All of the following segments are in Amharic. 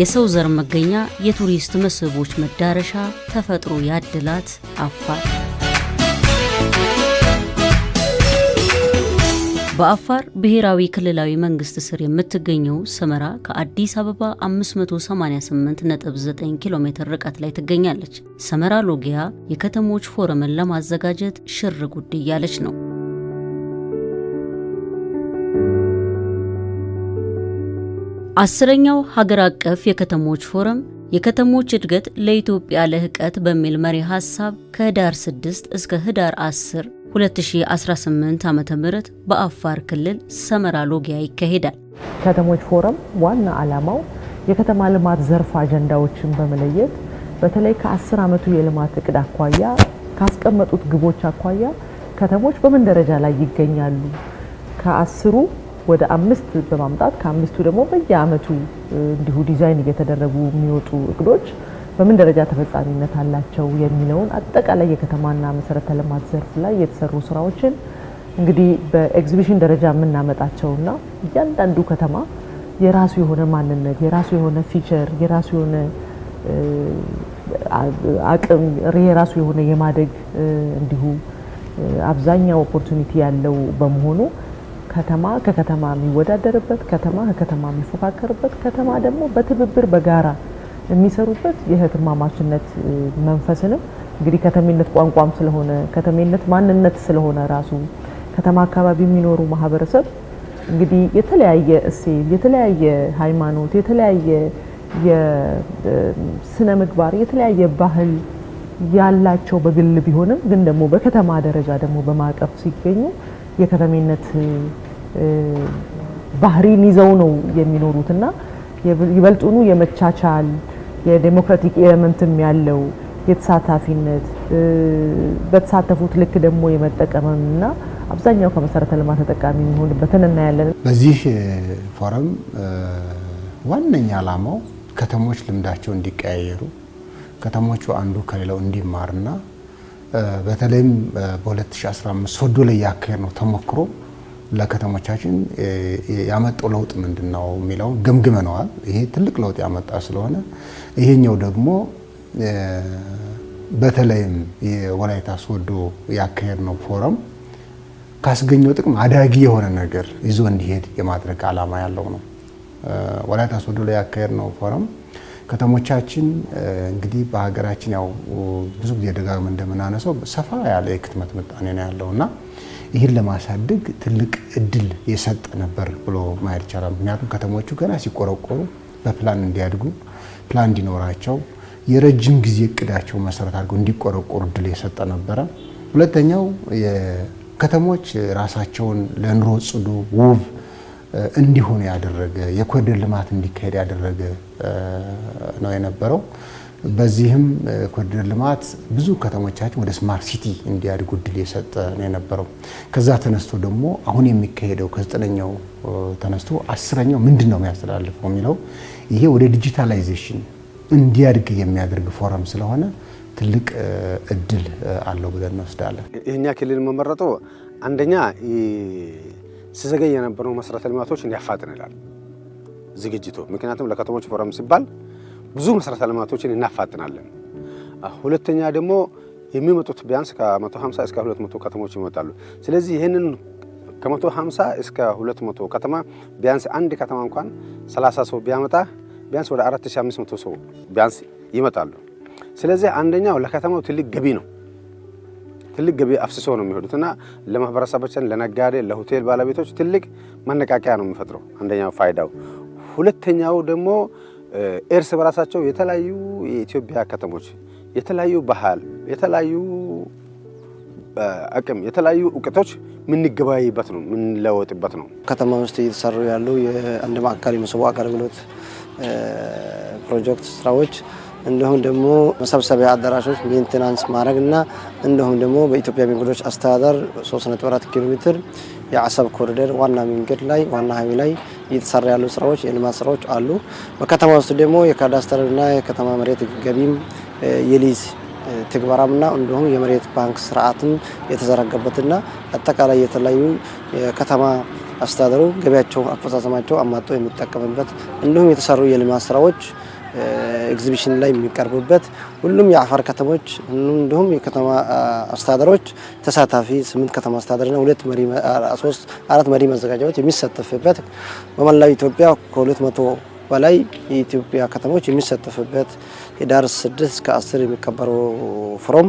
የሰው ዘር መገኛ፣ የቱሪስት መስህቦች መዳረሻ፣ ተፈጥሮ ያድላት አፋር። በአፋር ብሔራዊ ክልላዊ መንግስት ስር የምትገኘው ሰመራ ከአዲስ አበባ 588.9 ኪሎ ሜትር ርቀት ላይ ትገኛለች። ሰመራ ሎጊያ የከተሞች ፎረምን ለማዘጋጀት ሽር ጉድ እያለች ነው። አስረኛው ሀገር አቀፍ የከተሞች ፎረም የከተሞች እድገት ለኢትዮጵያ ልህቀት በሚል መሪ ሀሳብ ከህዳር 6 እስከ ህዳር 10 2018 ዓ ም በአፋር ክልል ሰመራ ሎጊያ ይካሄዳል። ከተሞች ፎረም ዋና ዓላማው የከተማ ልማት ዘርፍ አጀንዳዎችን በመለየት በተለይ ከ10 ዓመቱ የልማት እቅድ አኳያ ካስቀመጡት ግቦች አኳያ ከተሞች በምን ደረጃ ላይ ይገኛሉ፣ ከአስሩ ወደ አምስት በማምጣት ከአምስቱ ደግሞ በየአመቱ እንዲሁ ዲዛይን እየተደረጉ የሚወጡ እቅዶች በምን ደረጃ ተፈጻሚነት አላቸው የሚለውን አጠቃላይ የከተማና መሰረተ ልማት ዘርፍ ላይ የተሰሩ ስራዎችን እንግዲህ በኤግዚቢሽን ደረጃ የምናመጣቸውና እያንዳንዱ ከተማ የራሱ የሆነ ማንነት፣ የራሱ የሆነ ፊቸር፣ የራሱ የሆነ አቅም፣ የራሱ የሆነ የማደግ እንዲሁ አብዛኛው ኦፖርቹኒቲ ያለው በመሆኑ ከተማ ከከተማ የሚወዳደርበት፣ ከተማ ከከተማ የሚፎካከርበት፣ ከተማ ደግሞ በትብብር በጋራ የሚሰሩበት የህትማማችነት መንፈስንም እንግዲህ ከተሜነት ቋንቋም ስለሆነ ከተሜነት ማንነት ስለሆነ ራሱ ከተማ አካባቢ የሚኖሩ ማህበረሰብ እንግዲህ የተለያየ እሴት፣ የተለያየ ሃይማኖት፣ የተለያየ የስነ ምግባር፣ የተለያየ ባህል ያላቸው በግል ቢሆንም ግን ደግሞ በከተማ ደረጃ ደግሞ በማዕቀፍ ሲገኙ የከተሜነት ባህሪን ይዘው ነው የሚኖሩት እና ይበልጡኑ የመቻቻል የዴሞክራቲክ ኤለመንትም ያለው የተሳታፊነት በተሳተፉት ልክ ደግሞ የመጠቀምና አብዛኛው ከመሰረተ ልማት ተጠቃሚ የሚሆንበትን እናያለን። በዚህ ፎረም ዋነኛ ዓላማው ከተሞች ልምዳቸው እንዲቀያየሩ ከተሞቹ አንዱ ከሌላው እንዲማርና በተለይም በ2015 ሶዶ ላይ ያካሄድ ነው ተሞክሮ ለከተሞቻችን ያመጣው ለውጥ ምንድን ነው የሚለውን ገምግመነዋል። ይሄ ትልቅ ለውጥ ያመጣ ስለሆነ ይሄኛው ደግሞ በተለይም የወላይታ ሶዶ ያካሄድ ነው ፎረም ካስገኘው ጥቅም አዳጊ የሆነ ነገር ይዞ እንዲሄድ የማድረግ ዓላማ ያለው ነው። ወላይታ ሶዶ ላይ ያካሄድ ነው ፎረም ከተሞቻችን እንግዲህ በሀገራችን ያው ብዙ ጊዜ ደጋግመ እንደምናነሰው ሰፋ ያለ የክትመት ምጣኔ ነው ያለው እና ይህን ለማሳደግ ትልቅ እድል የሰጠ ነበር ብሎ ማየት ይቻላል። ምክንያቱም ከተሞቹ ገና ሲቆረቆሩ በፕላን እንዲያድጉ ፕላን እንዲኖራቸው የረጅም ጊዜ እቅዳቸው መሰረት አድርገው እንዲቆረቆሩ እድል የሰጠ ነበረ። ሁለተኛው ከተሞች ራሳቸውን ለኑሮ ጽዱ ውብ እንዲሆን ያደረገ የኮሪደር ልማት እንዲካሄድ ያደረገ ነው የነበረው። በዚህም ኮሪደር ልማት ብዙ ከተሞቻችን ወደ ስማርት ሲቲ እንዲያድጉ እድል የሰጠ ነው የነበረው። ከዛ ተነስቶ ደግሞ አሁን የሚካሄደው ከዘጠነኛው ተነስቶ አስረኛው ምንድን ነው የሚያስተላልፈው የሚለው ይሄ ወደ ዲጂታላይዜሽን እንዲያድግ የሚያደርግ ፎረም ስለሆነ ትልቅ እድል አለው ብለን እንወስዳለን። ይህኛ ክልል መመረጡ አንደኛ ሲዘገይ የነበረው መሰረተ ልማቶች እንዲያፋጥን ዝግጅቱ። ምክንያቱም ለከተሞች ፎረም ሲባል ብዙ መሰረተ ልማቶችን እናፋጥናለን። ሁለተኛ ደግሞ የሚመጡት ቢያንስ ከ150 እስከ 200 ከተሞች ይመጣሉ። ስለዚህ ይህንን ከ150 እስከ 200 ከተማ ቢያንስ አንድ ከተማ እንኳን 30 ሰው ቢያመጣ ቢያንስ ወደ 4500 ሰው ቢያንስ ይመጣሉ። ስለዚህ አንደኛው ለከተማው ትልቅ ገቢ ነው። ትልቅ ገቢ አፍስሶ ነው የሚሄዱት እና ለማህበረሰባችን፣ ለነጋዴ፣ ለሆቴል ባለቤቶች ትልቅ መነቃቂያ ነው የሚፈጥረው። አንደኛው ፋይዳው። ሁለተኛው ደግሞ እርስ በራሳቸው የተለያዩ የኢትዮጵያ ከተሞች የተለያዩ ባህል፣ የተለያዩ አቅም፣ የተለያዩ እውቀቶች የምንገበያይበት ነው የምንለወጥበት ነው። ከተማ ውስጥ እየተሰሩ ያሉ የአንድ ማዕከል የምስቦ አገልግሎት ፕሮጀክት ስራዎች እንዲሁም ደግሞ መሰብሰቢያ አዳራሾች ሜንቴናንስ እና እንዲሁም ደግሞ በኢትዮጵያ መንገዶች አስተዳደር 34 ኪሎ ሜትር የአሰብ ኮሪደር ዋና መንገድ ላይ ዋና ሀይዌ ላይ እየተሰራ ያሉ ስራዎች የልማት ስራዎች አሉ። በከተማ ውስጥ ደግሞ የካዳስተርና የከተማ መሬት ገቢም የሊዝ ትግበራምና እንዲሁም የመሬት ባንክ ስርዓትም የተዘረገበትና አጠቃላይ የተለያዩ የከተማ አስተዳደሩ ገቢያቸው አፈጻጸማቸው አማጦ የሚጠቀምበት እንዲሁም የተሰሩ የልማት ስራዎች ኤግዚቢሽን ላይ የሚቀርቡበት ሁሉም የአፋር ከተሞች እንዲሁም የከተማ አስተዳደሮች ተሳታፊ ስምንት ከተማ አስተዳደርና ሁለት መሪ ሶስት አራት መሪ መዘጋጃዎች የሚሳተፍበት በመላው ኢትዮጵያ ከሁለት መቶ በላይ የኢትዮጵያ ከተሞች የሚሳተፍበት ህዳር ስድስት እስከ አስር የሚከበረው ፎረም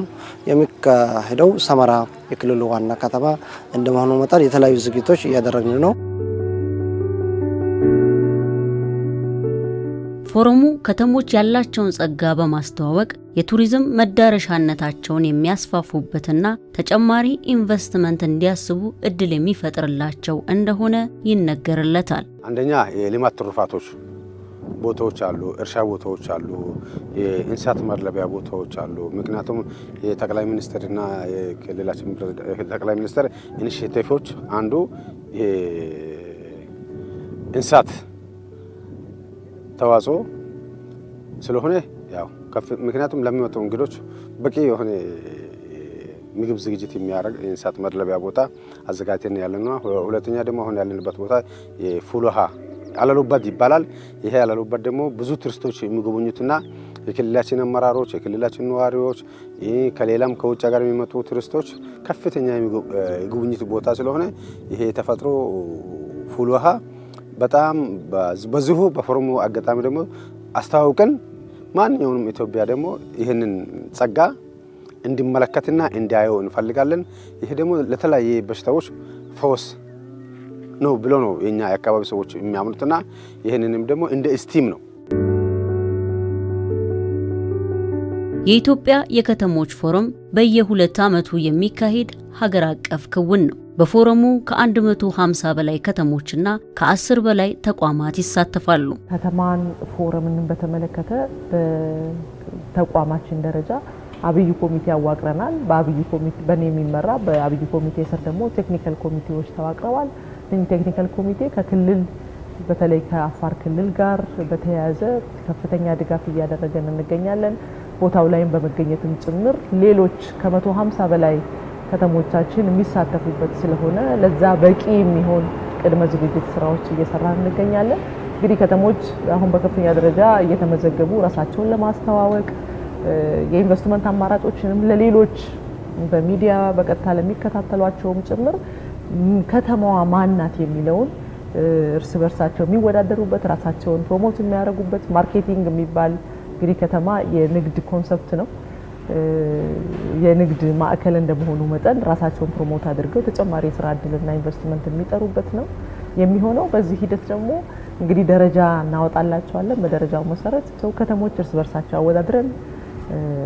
የሚካሄደው ሰመራ የክልሉ ዋና ከተማ እንደመሆኑ መጠን የተለያዩ ዝግጅቶች እያደረግን ነው። ፎረሙ ከተሞች ያላቸውን ጸጋ በማስተዋወቅ የቱሪዝም መዳረሻነታቸውን የሚያስፋፉበትና ተጨማሪ ኢንቨስትመንት እንዲያስቡ እድል የሚፈጥርላቸው እንደሆነ ይነገርለታል። አንደኛ የልማት ትሩፋቶች ቦታዎች አሉ፣ እርሻ ቦታዎች አሉ፣ የእንስሳት መርለቢያ ቦታዎች አሉ። ምክንያቱም የጠቅላይ ሚኒስትርና የክልላችን ጠቅላይ ሚኒስትር ኢኒሽቲቭዎች አንዱ እንስሳት ተዋጽኦ ስለሆነ ያው ምክንያቱም ለሚመጡ እንግዶች በቂ የሆነ ምግብ ዝግጅት የሚያደርግ የእንስሳት መድለቢያ ቦታ አዘጋጅተን ያለንና ሁለተኛ ደግሞ አሁን ያለንበት ቦታ የፉሎሃ አለሉበት ይባላል። ይሄ አለሉበት ደግሞ ብዙ ቱሪስቶች የሚጎበኙትና የክልላችን አመራሮች፣ የክልላችን ነዋሪዎች፣ ከሌላም ከውጭ ሀገር የሚመጡ ቱሪስቶች ከፍተኛ የጉብኝት ቦታ ስለሆነ ይሄ የተፈጥሮ ውሃ። በጣም በዚሁ በፎረሙ አጋጣሚ ደግሞ አስተዋውቀን ማንኛውንም ኢትዮጵያ ደግሞ ይህንን ጸጋ እንዲመለከትና እንዲያየው እንፈልጋለን። ይሄ ደግሞ ለተለያየ በሽታዎች ፈውስ ነው ብሎ ነው የኛ የአካባቢ ሰዎች የሚያምኑትና ይህንንም ደግሞ እንደ እስቲም ነው። የኢትዮጵያ የከተሞች ፎረም በየሁለት ዓመቱ የሚካሄድ ሀገር አቀፍ ክውን ነው። በፎረሙ ከ150 በላይ ከተሞችና ከ10 በላይ ተቋማት ይሳተፋሉ። ከተማን ፎረምን በተመለከተ በተቋማችን ደረጃ አብይ ኮሚቴ አዋቅረናል። በአብይ ኮሚቴ በእኔ የሚመራ በአብይ ኮሚቴ ስር ደግሞ ቴክኒካል ኮሚቴዎች ተዋቅረዋል። ቴክኒካል ኮሚቴ ከክልል በተለይ ከአፋር ክልል ጋር በተያያዘ ከፍተኛ ድጋፍ እያደረገን እንገኛለን። ቦታው ላይም በመገኘትም ጭምር ሌሎች ከ150 በላይ ከተሞቻችን የሚሳተፉበት ስለሆነ ለዛ በቂ የሚሆን ቅድመ ዝግጅት ስራዎች እየሰራ እንገኛለን። እንግዲህ ከተሞች አሁን በከፍተኛ ደረጃ እየተመዘገቡ ራሳቸውን ለማስተዋወቅ የኢንቨስትመንት አማራጮችንም ለሌሎች በሚዲያ በቀጥታ ለሚከታተሏቸውም ጭምር ከተማዋ ማናት የሚለውን እርስ በርሳቸው የሚወዳደሩበት ራሳቸውን ፕሮሞት የሚያደርጉበት ማርኬቲንግ የሚባል እንግዲህ ከተማ የንግድ ኮንሰፕት ነው። የንግድ ማዕከል እንደመሆኑ መጠን ራሳቸውን ፕሮሞት አድርገው ተጨማሪ የስራ እድልና ኢንቨስትመንት የሚጠሩበት ነው የሚሆነው። በዚህ ሂደት ደግሞ እንግዲህ ደረጃ እናወጣላቸዋለን። በደረጃው መሰረት ሰው ከተሞች እርስ በርሳቸው አወዳድረን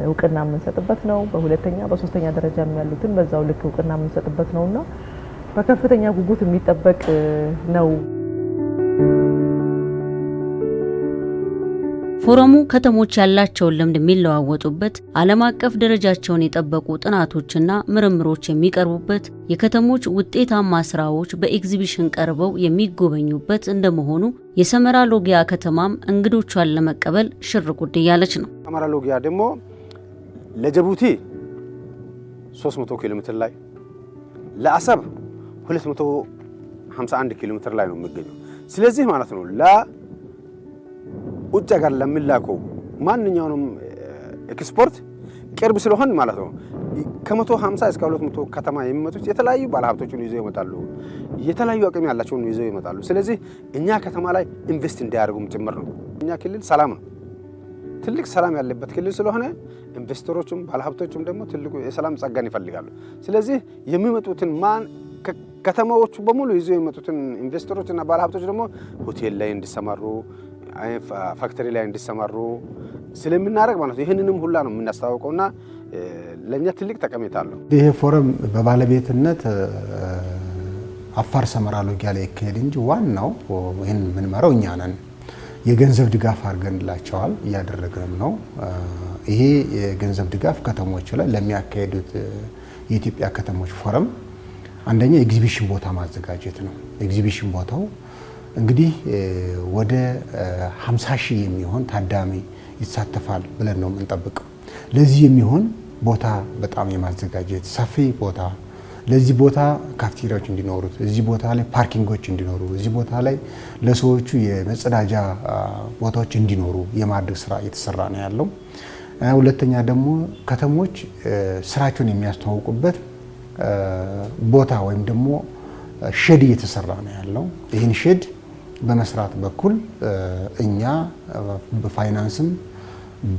እውቅና የምንሰጥበት ነው። በሁለተኛ በሶስተኛ ደረጃ ያሉትን በዛው ልክ እውቅና የምንሰጥበት ነውና በከፍተኛ ጉጉት የሚጠበቅ ነው። ፎረሙ ከተሞች ያላቸውን ልምድ የሚለዋወጡበት ዓለም አቀፍ ደረጃቸውን የጠበቁ ጥናቶችና ምርምሮች የሚቀርቡበት የከተሞች ውጤታማ ስራዎች በኤግዚቢሽን ቀርበው የሚጎበኙበት እንደመሆኑ የሰመራ ሎጊያ ከተማም እንግዶቿን ለመቀበል ሽር ጉድ እያለች ነው። ሰመራ ሎጊያ ደግሞ ለጅቡቲ 300 ኪሎ ሜትር ላይ ለአሰብ 251 ኪሎ ሜትር ላይ ነው የሚገኘው። ስለዚህ ማለት ነው ውጭ ሀገር ለሚላከው ማንኛውንም ኤክስፖርት ቅርብ ስለሆን ማለት ነው። ከመቶ ሀምሳ እስከ ሁለት መቶ ከተማ የሚመጡት የተለያዩ ባለሀብቶችን ይዘው ይመጣሉ። የተለያዩ አቅም ያላቸውን ይዘው ይመጣሉ። ስለዚህ እኛ ከተማ ላይ ኢንቨስት እንዲያደርጉም ጭምር ነው። እኛ ክልል ሰላም ነው፣ ትልቅ ሰላም ያለበት ክልል ስለሆነ ኢንቨስተሮችም ባለሀብቶችም ደግሞ ትልቁ የሰላም ጸጋን ይፈልጋሉ። ስለዚህ የሚመጡትን ማን ከተማዎቹ በሙሉ ይዘው የመጡትን ኢንቨስተሮች እና ባለሀብቶች ደግሞ ሆቴል ላይ እንዲሰማሩ ፋክተሪ ላይ እንዲሰማሩ ስለምናደርግ ማለት ነው። ይህንንም ሁላ ነው የምናስተዋውቀውና ለእኛ ትልቅ ጠቀሜታ አለው። ይሄ ፎረም በባለቤትነት አፋር ሰመራ ሎጊያ ላይ ይካሄድ እንጂ ዋናው ይህን የምንመራው እኛ ነን። የገንዘብ ድጋፍ አድርገንላቸዋል፣ እያደረግንም ነው። ይሄ የገንዘብ ድጋፍ ከተሞች ላይ ለሚያካሄዱት የኢትዮጵያ ከተሞች ፎረም አንደኛ ኤግዚቢሽን ቦታ ማዘጋጀት ነው። ኤግዚቢሽን ቦታው እንግዲህ ወደ 50 ሺህ የሚሆን ታዳሚ ይሳተፋል ብለን ነው የምንጠብቀው። ለዚህ የሚሆን ቦታ በጣም የማዘጋጀት ሰፊ ቦታ ለዚህ ቦታ ካፍቴሪያዎች እንዲኖሩት፣ እዚህ ቦታ ላይ ፓርኪንጎች እንዲኖሩ፣ እዚህ ቦታ ላይ ለሰዎቹ የመጸዳጃ ቦታዎች እንዲኖሩ የማድረግ ስራ እየተሰራ ነው ያለው። ሁለተኛ ደግሞ ከተሞች ስራቸውን የሚያስተዋውቁበት ቦታ ወይም ደግሞ ሼድ እየተሰራ ነው ያለው። ይህን ሼድ በመስራት በኩል እኛ በፋይናንስም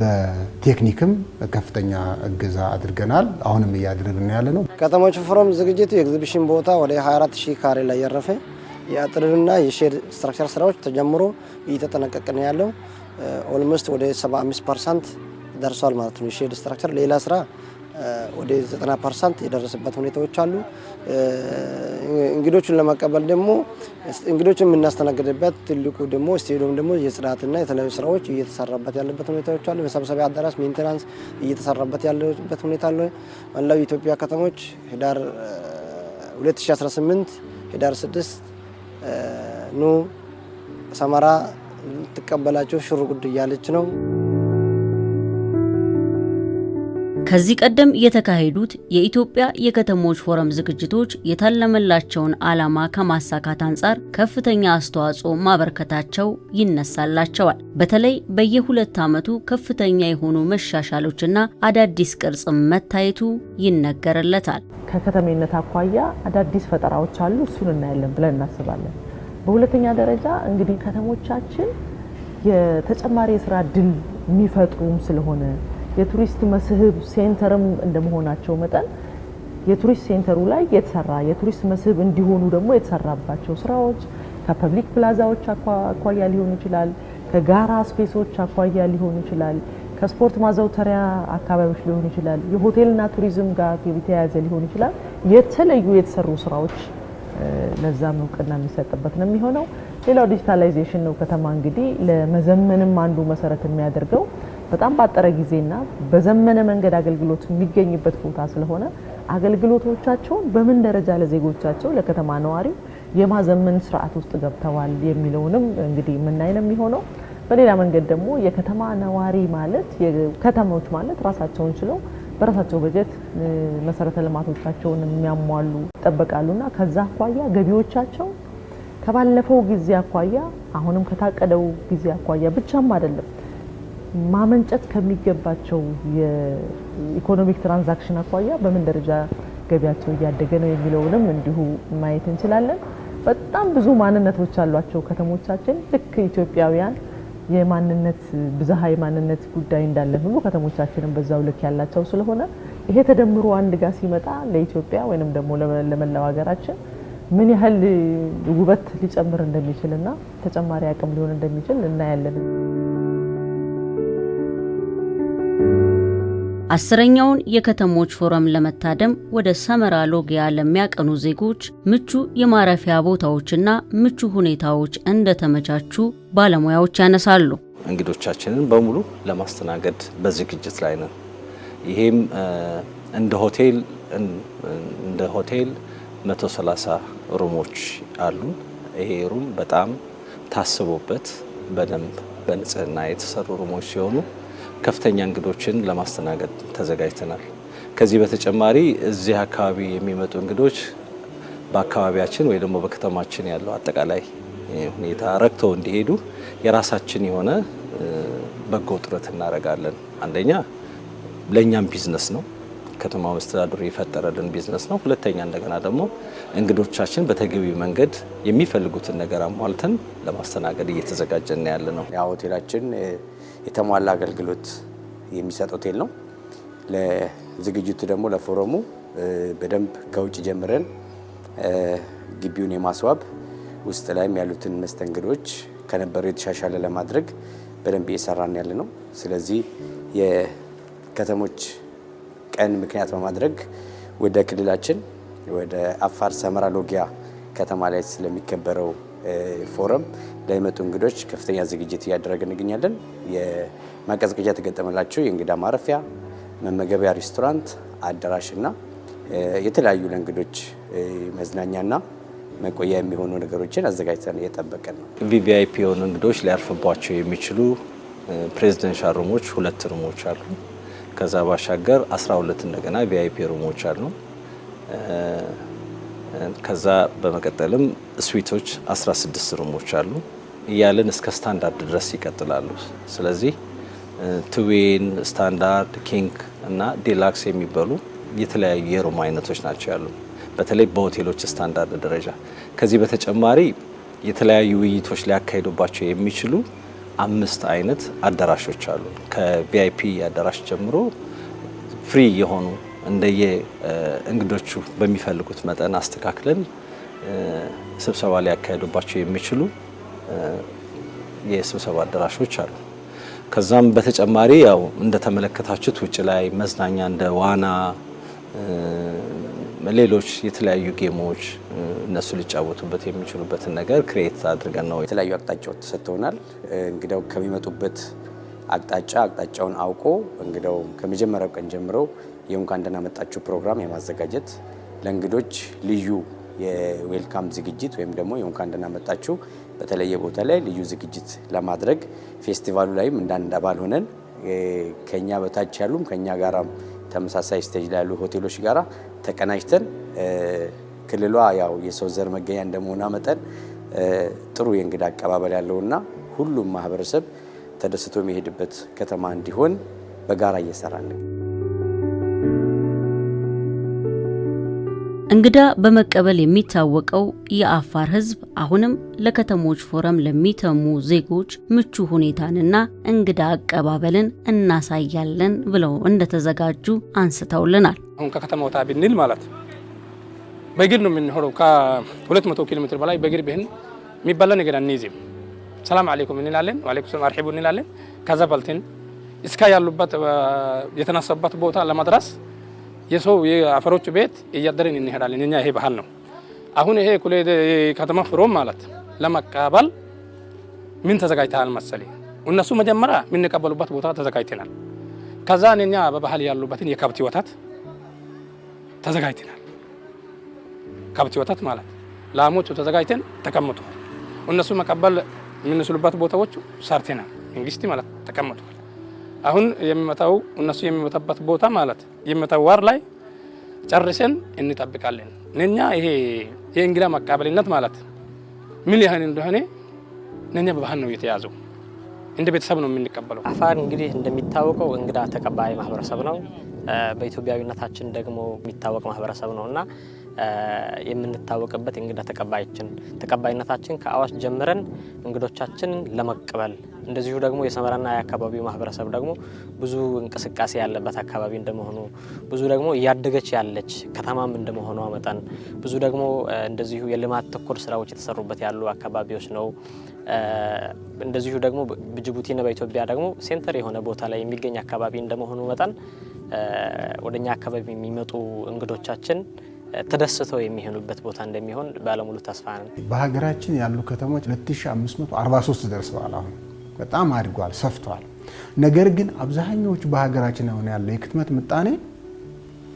በቴክኒክም ከፍተኛ እገዛ አድርገናል። አሁንም እያደረግን ያለ ነው። ከተሞች ፎረም ዝግጅቱ የኤግዚቢሽን ቦታ ወደ 24 ሺህ ካሬ ላይ ያረፈ የአጥርና የሼድ ስትራክቸር ስራዎች ተጀምሮ እየተጠናቀቀ ያለው። ኦልሞስት ወደ 75 ፐርሰንት ደርሷል ማለት ነው። የሼድ ስትራክቸር ሌላ ስራ ወደ 90 ፐርሰንት የደረሰበት ሁኔታዎች አሉ። እንግዶቹን ለመቀበል ደግሞ እንግዶቹን የምናስተናግድበት ትልቁ ደግሞ ስቴዲየም ደግሞ የጽዳትና የተለያዩ ስራዎች እየተሰራበት ያለበት ሁኔታዎች አሉ። መሰብሰቢያ አዳራሽ ሜንቴናንስ እየተሰራበት ያለበት ሁኔታ አለ። መላው የኢትዮጵያ ከተሞች ህዳር 2018 ህዳር 6 ኑ ሰመራ ትቀበላቸው ሽር ጉድ እያለች ነው። ከዚህ ቀደም የተካሄዱት የኢትዮጵያ የከተሞች ፎረም ዝግጅቶች የታለመላቸውን ዓላማ ከማሳካት አንጻር ከፍተኛ አስተዋጽኦ ማበርከታቸው ይነሳላቸዋል። በተለይ በየሁለት ዓመቱ ከፍተኛ የሆኑ መሻሻሎችና አዳዲስ ቅርጽ መታየቱ ይነገርለታል። ከከተሜነት አኳያ አዳዲስ ፈጠራዎች አሉ። እሱን እናያለን ብለን እናስባለን። በሁለተኛ ደረጃ እንግዲህ ከተሞቻችን የተጨማሪ የስራ እድል የሚፈጥሩም ስለሆነ የቱሪስት መስህብ ሴንተርም እንደመሆናቸው መጠን የቱሪስት ሴንተሩ ላይ የተሰራ የቱሪስት መስህብ እንዲሆኑ ደግሞ የተሰራባቸው ስራዎች ከፐብሊክ ፕላዛዎች አኳያ ሊሆን ይችላል፣ ከጋራ ስፔሶች አኳያ ሊሆን ይችላል፣ ከስፖርት ማዘውተሪያ አካባቢዎች ሊሆን ይችላል፣ የሆቴልና ቱሪዝም ጋር የተያያዘ ሊሆን ይችላል። የተለዩ የተሰሩ ስራዎች ለዛም እውቅና የሚሰጥበት ነው የሚሆነው። ሌላው ዲጂታላይዜሽን ነው። ከተማ እንግዲህ ለመዘመንም አንዱ መሰረት የሚያደርገው በጣም ባጠረ ጊዜና በዘመነ መንገድ አገልግሎት የሚገኝበት ቦታ ስለሆነ አገልግሎቶቻቸውን በምን ደረጃ ለዜጎቻቸው ለከተማ ነዋሪው የማዘመን ስርዓት ውስጥ ገብተዋል የሚለውንም እንግዲህ የምናይ ነው የሚሆነው። በሌላ መንገድ ደግሞ የከተማ ነዋሪ ማለት ከተሞች ማለት ራሳቸውን ችለው በራሳቸው በጀት መሰረተ ልማቶቻቸውን የሚያሟሉ ይጠበቃሉና ከዛ አኳያ ገቢዎቻቸው ከባለፈው ጊዜ አኳያ አሁንም ከታቀደው ጊዜ አኳያ ብቻም አይደለም ማመንጨት ከሚገባቸው የኢኮኖሚክ ትራንዛክሽን አኳያ በምን ደረጃ ገቢያቸው እያደገ ነው የሚለውንም እንዲሁ ማየት እንችላለን። በጣም ብዙ ማንነቶች አሏቸው ከተሞቻችን። ልክ ኢትዮጵያውያን የማንነት ብዝሃ የማንነት ጉዳይ እንዳለን ሁሉ ከተሞቻችንም በዛው ልክ ያላቸው ስለሆነ ይሄ ተደምሮ አንድ ጋር ሲመጣ ለኢትዮጵያ ወይንም ደግሞ ለመላው ሀገራችን ምን ያህል ውበት ሊጨምር እንደሚችል እና ተጨማሪ አቅም ሊሆን እንደሚችል እናያለን። አስረኛውን የከተሞች ፎረም ለመታደም ወደ ሰመራ ሎጊያ ለሚያቀኑ ዜጎች ምቹ የማረፊያ ቦታዎችና ምቹ ሁኔታዎች እንደተመቻቹ ባለሙያዎች ያነሳሉ። እንግዶቻችንን በሙሉ ለማስተናገድ በዝግጅት ላይ ነን። ይሄም እንደ ሆቴል እንደ ሆቴል 130 ሩሞች አሉን። ይሄ ሩም በጣም ታስቦበት በደንብ በንጽህና የተሰሩ ሩሞች ሲሆኑ ከፍተኛ እንግዶችን ለማስተናገድ ተዘጋጅተናል። ከዚህ በተጨማሪ እዚህ አካባቢ የሚመጡ እንግዶች በአካባቢያችን ወይ ደግሞ በከተማችን ያለው አጠቃላይ ሁኔታ ረክተው እንዲሄዱ የራሳችን የሆነ በጎ ጥረት እናደርጋለን። አንደኛ ለእኛም ቢዝነስ ነው፣ ከተማ መስተዳድሩ የፈጠረልን ቢዝነስ ነው። ሁለተኛ እንደገና ደግሞ እንግዶቻችን በተገቢ መንገድ የሚፈልጉትን ነገር አሟልተን ለማስተናገድ እየተዘጋጀን ያለ ነው ያ ሆቴላችን የተሟላ አገልግሎት የሚሰጥ ሆቴል ነው። ለዝግጅቱ ደግሞ ለፎረሙ በደንብ ከውጭ ጀምረን ግቢውን የማስዋብ ውስጥ ላይም ያሉትን መስተንግዶች ከነበረው የተሻሻለ ለማድረግ በደንብ እየሰራን ያለ ነው። ስለዚህ የከተሞች ቀን ምክንያት በማድረግ ወደ ክልላችን ወደ አፋር ሰመራ ሎጊያ ከተማ ላይ ስለሚከበረው ፎረም ለሚመጡ እንግዶች ከፍተኛ ዝግጅት እያደረግን እንገኛለን። የማቀዝቀዣ የተገጠመላቸው የእንግዳ ማረፊያ፣ መመገቢያ፣ ሬስቶራንት፣ አዳራሽ እና የተለያዩ ለእንግዶች መዝናኛና መቆያ የሚሆኑ ነገሮችን አዘጋጅተን እየጠበቀን ነው። ቪቪአይፒ የሆኑ እንግዶች ሊያርፍባቸው የሚችሉ ፕሬዚደንሻል ሩሞች ሁለት ሩሞች አሉ። ከዛ ባሻገር 12 እንደገና ቪአይፒ ሩሞች አሉ። ከዛ በመቀጠልም ስዊቶች 16 ሩሞች አሉ እያልን እስከ ስታንዳርድ ድረስ ይቀጥላሉ። ስለዚህ ትዊን፣ ስታንዳርድ፣ ኪንግ እና ዲላክስ የሚባሉ የተለያዩ የሩም አይነቶች ናቸው ያሉ በተለይ በሆቴሎች ስታንዳርድ ደረጃ። ከዚህ በተጨማሪ የተለያዩ ውይይቶች ሊያካሂዱባቸው የሚችሉ አምስት አይነት አዳራሾች አሉ ከቪአይፒ አዳራሽ ጀምሮ ፍሪ የሆኑ እንደየ እንግዶቹ በሚፈልጉት መጠን አስተካክለን ስብሰባ ሊያካሄዱባቸው የሚችሉ የስብሰባ አዳራሾች አሉ። ከዛም በተጨማሪ ያው እንደተመለከታችሁት ውጭ ላይ መዝናኛ እንደ ዋና፣ ሌሎች የተለያዩ ጌሞች እነሱ ሊጫወቱበት የሚችሉበትን ነገር ክሬት አድርገን ነው። የተለያዩ አቅጣጫዎች ተሰጥተውናል። እንግዳው ከሚመጡበት አቅጣጫ አቅጣጫውን አውቆ እንግዳው ከመጀመሪያው ቀን ጀምረው የእንኳን ደህና መጣችሁ ፕሮግራም የማዘጋጀት ለእንግዶች ልዩ የዌልካም ዝግጅት ወይም ደግሞ የእንኳን ደህና መጣችሁ በተለየ ቦታ ላይ ልዩ ዝግጅት ለማድረግ ፌስቲቫሉ ላይም እንዳንድ አባል ሆነን ከኛ በታች ያሉም ከኛ ጋራ ተመሳሳይ ስቴጅ ላይ ያሉ ሆቴሎች ጋራ ተቀናጅተን ክልሏ ያው የሰው ዘር መገኛ እንደመሆኗ መጠን ጥሩ የእንግዳ አቀባበል ያለውና ሁሉም ማህበረሰብ ተደስቶ የሚሄድበት ከተማ እንዲሆን በጋራ እየሰራን ነው። እንግዳ በመቀበል የሚታወቀው የአፋር ሕዝብ አሁንም ለከተሞች ፎረም ለሚተሙ ዜጎች ምቹ ሁኔታንና እንግዳ አቀባበልን እናሳያለን ብለው እንደተዘጋጁ አንስተውልናል። አሁን ከከተማ ወጣ ብንል ማለት በእግር ነው የምንሆረው ከ ከ200 ኪሎ ሜትር በላይ በእግር ብህን የሚባላ ነገር አንይዝም። ሰላም አሌይኩም እንላለን፣ ዋሌይኩም ሰላም አርሒቡ እንላለን። ከዛ በልትን እስካ ያሉበት የተነሳበት ቦታ ለመድረስ የሰው የአፈሮች ቤት እያደረን እንሄዳለን። እኛ ይሄ ባህል ነው። አሁን ይሄ ኩሌ ከተማ ፍሮም ማለት ለመቀበል ምን ተዘጋጅተሃል መሰለኝ? እነሱ መጀመሪያ የምንቀበሉበት ቦታ ተዘጋጅተናል። ከዛ እኛ በባህል ያሉበትን የከብት ወተት ተዘጋጅተናል። ከብት ወተት ማለት ላሞቹ ተዘጋጅተን ተቀምጧል። እነሱ መቀበል የምንስሉበት ቦታዎቹ ሰርተናል። መንግስት ማለት ተቀምጧል። አሁን የሚመታው እነሱ የሚመታበት ቦታ ማለት የሚመታው ወር ላይ ጨርሰን እንጠብቃለን። ነኛ ይሄ የእንግዳ ማቃበልነት ማለት ምን ያህል እንደሆነ እኛ በባህል ነው የተያዘው። እንደ ቤተሰብ ነው የምንቀበለው። አፋር እንግዲህ እንደሚታወቀው እንግዳ ተቀባይ ማህበረሰብ ነው። በኢትዮጵያዊነታችን ደግሞ የሚታወቅ ማህበረሰብ ነው እና የምንታወቅበት የእንግዳ ተቀባይችን ተቀባይነታችን ከአዋሽ ጀምረን እንግዶቻችን ለመቀበል እንደዚሁ ደግሞ የሰመራና የአካባቢው ማህበረሰብ ደግሞ ብዙ እንቅስቃሴ ያለበት አካባቢ እንደመሆኑ ብዙ ደግሞ እያደገች ያለች ከተማም እንደመሆኗ መጠን ብዙ ደግሞ እንደዚሁ የልማት ተኮር ስራዎች የተሰሩበት ያሉ አካባቢዎች ነው። እንደዚሁ ደግሞ በጅቡቲና በኢትዮጵያ ደግሞ ሴንተር የሆነ ቦታ ላይ የሚገኝ አካባቢ እንደመሆኑ መጠን ወደኛ አካባቢ የሚመጡ እንግዶቻችን ተደስተው የሚሆኑበት ቦታ እንደሚሆን ባለሙሉ ተስፋ ነን። በሀገራችን ያሉ ከተሞች 2543 ደርሰዋል። አሁን በጣም አድጓል፣ ሰፍቷል። ነገር ግን አብዛኛዎቹ በሀገራችን አሁን ያለው የክትመት ምጣኔ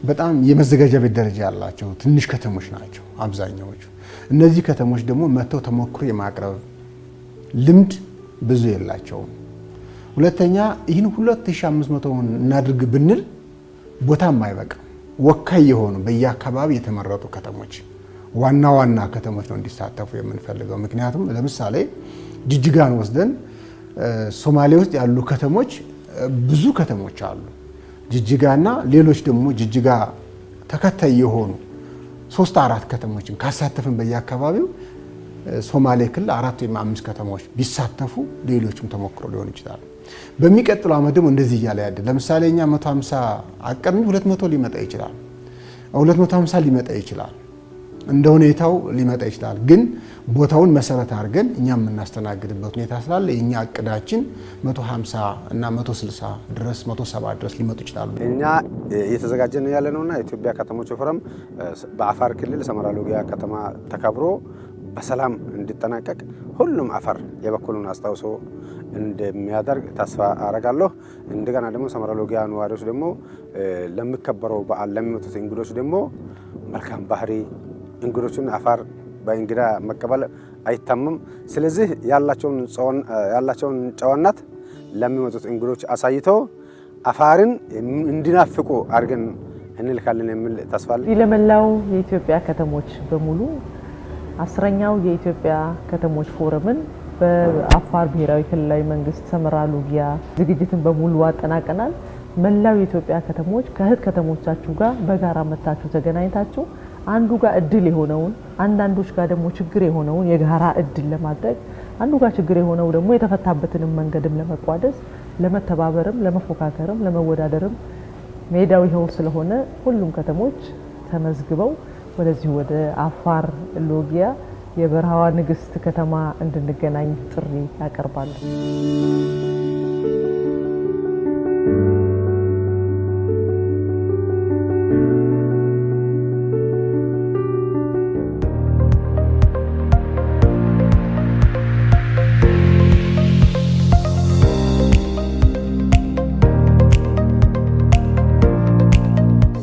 በጣም የመዘጋጃ ቤት ደረጃ ያላቸው ትንሽ ከተሞች ናቸው አብዛኛዎቹ። እነዚህ ከተሞች ደግሞ መጥተው ተሞክሮ የማቅረብ ልምድ ብዙ የላቸውም። ሁለተኛ ይህን 2500 እናድርግ ብንል ቦታም አይበቃም። ወካይ የሆኑ በየአካባቢ የተመረጡ ከተሞች ዋና ዋና ከተሞች ነው እንዲሳተፉ የምንፈልገው። ምክንያቱም ለምሳሌ ጅጅጋን ወስደን ሶማሌ ውስጥ ያሉ ከተሞች ብዙ ከተሞች አሉ። ጅጅጋና ሌሎች ደግሞ ጅጅጋ ተከታይ የሆኑ ሶስት አራት ከተሞችን ካሳተፍን በየአካባቢው ሶማሌ ክልል አራት ወይም አምስት ከተሞች ቢሳተፉ ሌሎችም ተሞክሮ ሊሆን ይችላል። በሚቀጥለው ዓመት ደግሞ እንደዚህ እያለ ያደ ለምሳሌ እኛ 150 አቀድን፣ 200 ሊመጣ ይችላል፣ 250 ሊመጣ ይችላል፣ እንደ ሁኔታው ሊመጣ ይችላል። ግን ቦታውን መሰረት አድርገን እኛ የምናስተናግድበት ሁኔታ ስላለ የእኛ እቅዳችን 150 እና 160 ድረስ 170 ድረስ ሊመጡ ይችላሉ። እኛ እየተዘጋጀን እና ኢትዮጵያ ከተሞች ፎረም በአፋር ክልል ሰመራ ሎጊያ ከተማ ተከብሮ በሰላም እንዲጠናቀቅ ሁሉም አፈር የበኩሉን አስታውሶ እንደሚያደርግ ተስፋ አረጋለሁ። እንደገና ደግሞ ሰመራ ነዋሪዎች ደግሞ ለሚከበረው በዓል ለሚመጡት እንግዶች ደግሞ መልካም ባህሪ እንግዶቹን አፋር በእንግዳ መቀበል አይታመም። ስለዚህ ያላቸውን ጨዋነት ለሚመጡት እንግዶች አሳይተው አፋርን እንዲናፍቁ አድርገን እንልካለን የሚል ተስፋ ለመላው የኢትዮጵያ ከተሞች በሙሉ አስረኛው የኢትዮጵያ ከተሞች ፎረምን በአፋር ብሔራዊ ክልላዊ መንግስት ሰመራ ሉጊያ ዝግጅትን በሙሉ አጠናቀናል። መላው የኢትዮጵያ ከተሞች ከእህት ከተሞቻችሁ ጋር በጋራ መታችሁ ተገናኝታችሁ አንዱ ጋር እድል የሆነውን አንዳንዶች ጋር ደግሞ ችግር የሆነውን የጋራ እድል ለማድረግ አንዱ ጋር ችግር የሆነው ደግሞ የተፈታበትንም መንገድም ለመቋደስ ለመተባበርም፣ ለመፎካከርም፣ ለመወዳደርም ሜዳው ይኸው ስለሆነ ሁሉም ከተሞች ተመዝግበው ወደዚህ ወደ አፋር ሎጊያ የበረሃዋ ንግስት ከተማ እንድንገናኝ ጥሪ ያቀርባሉ።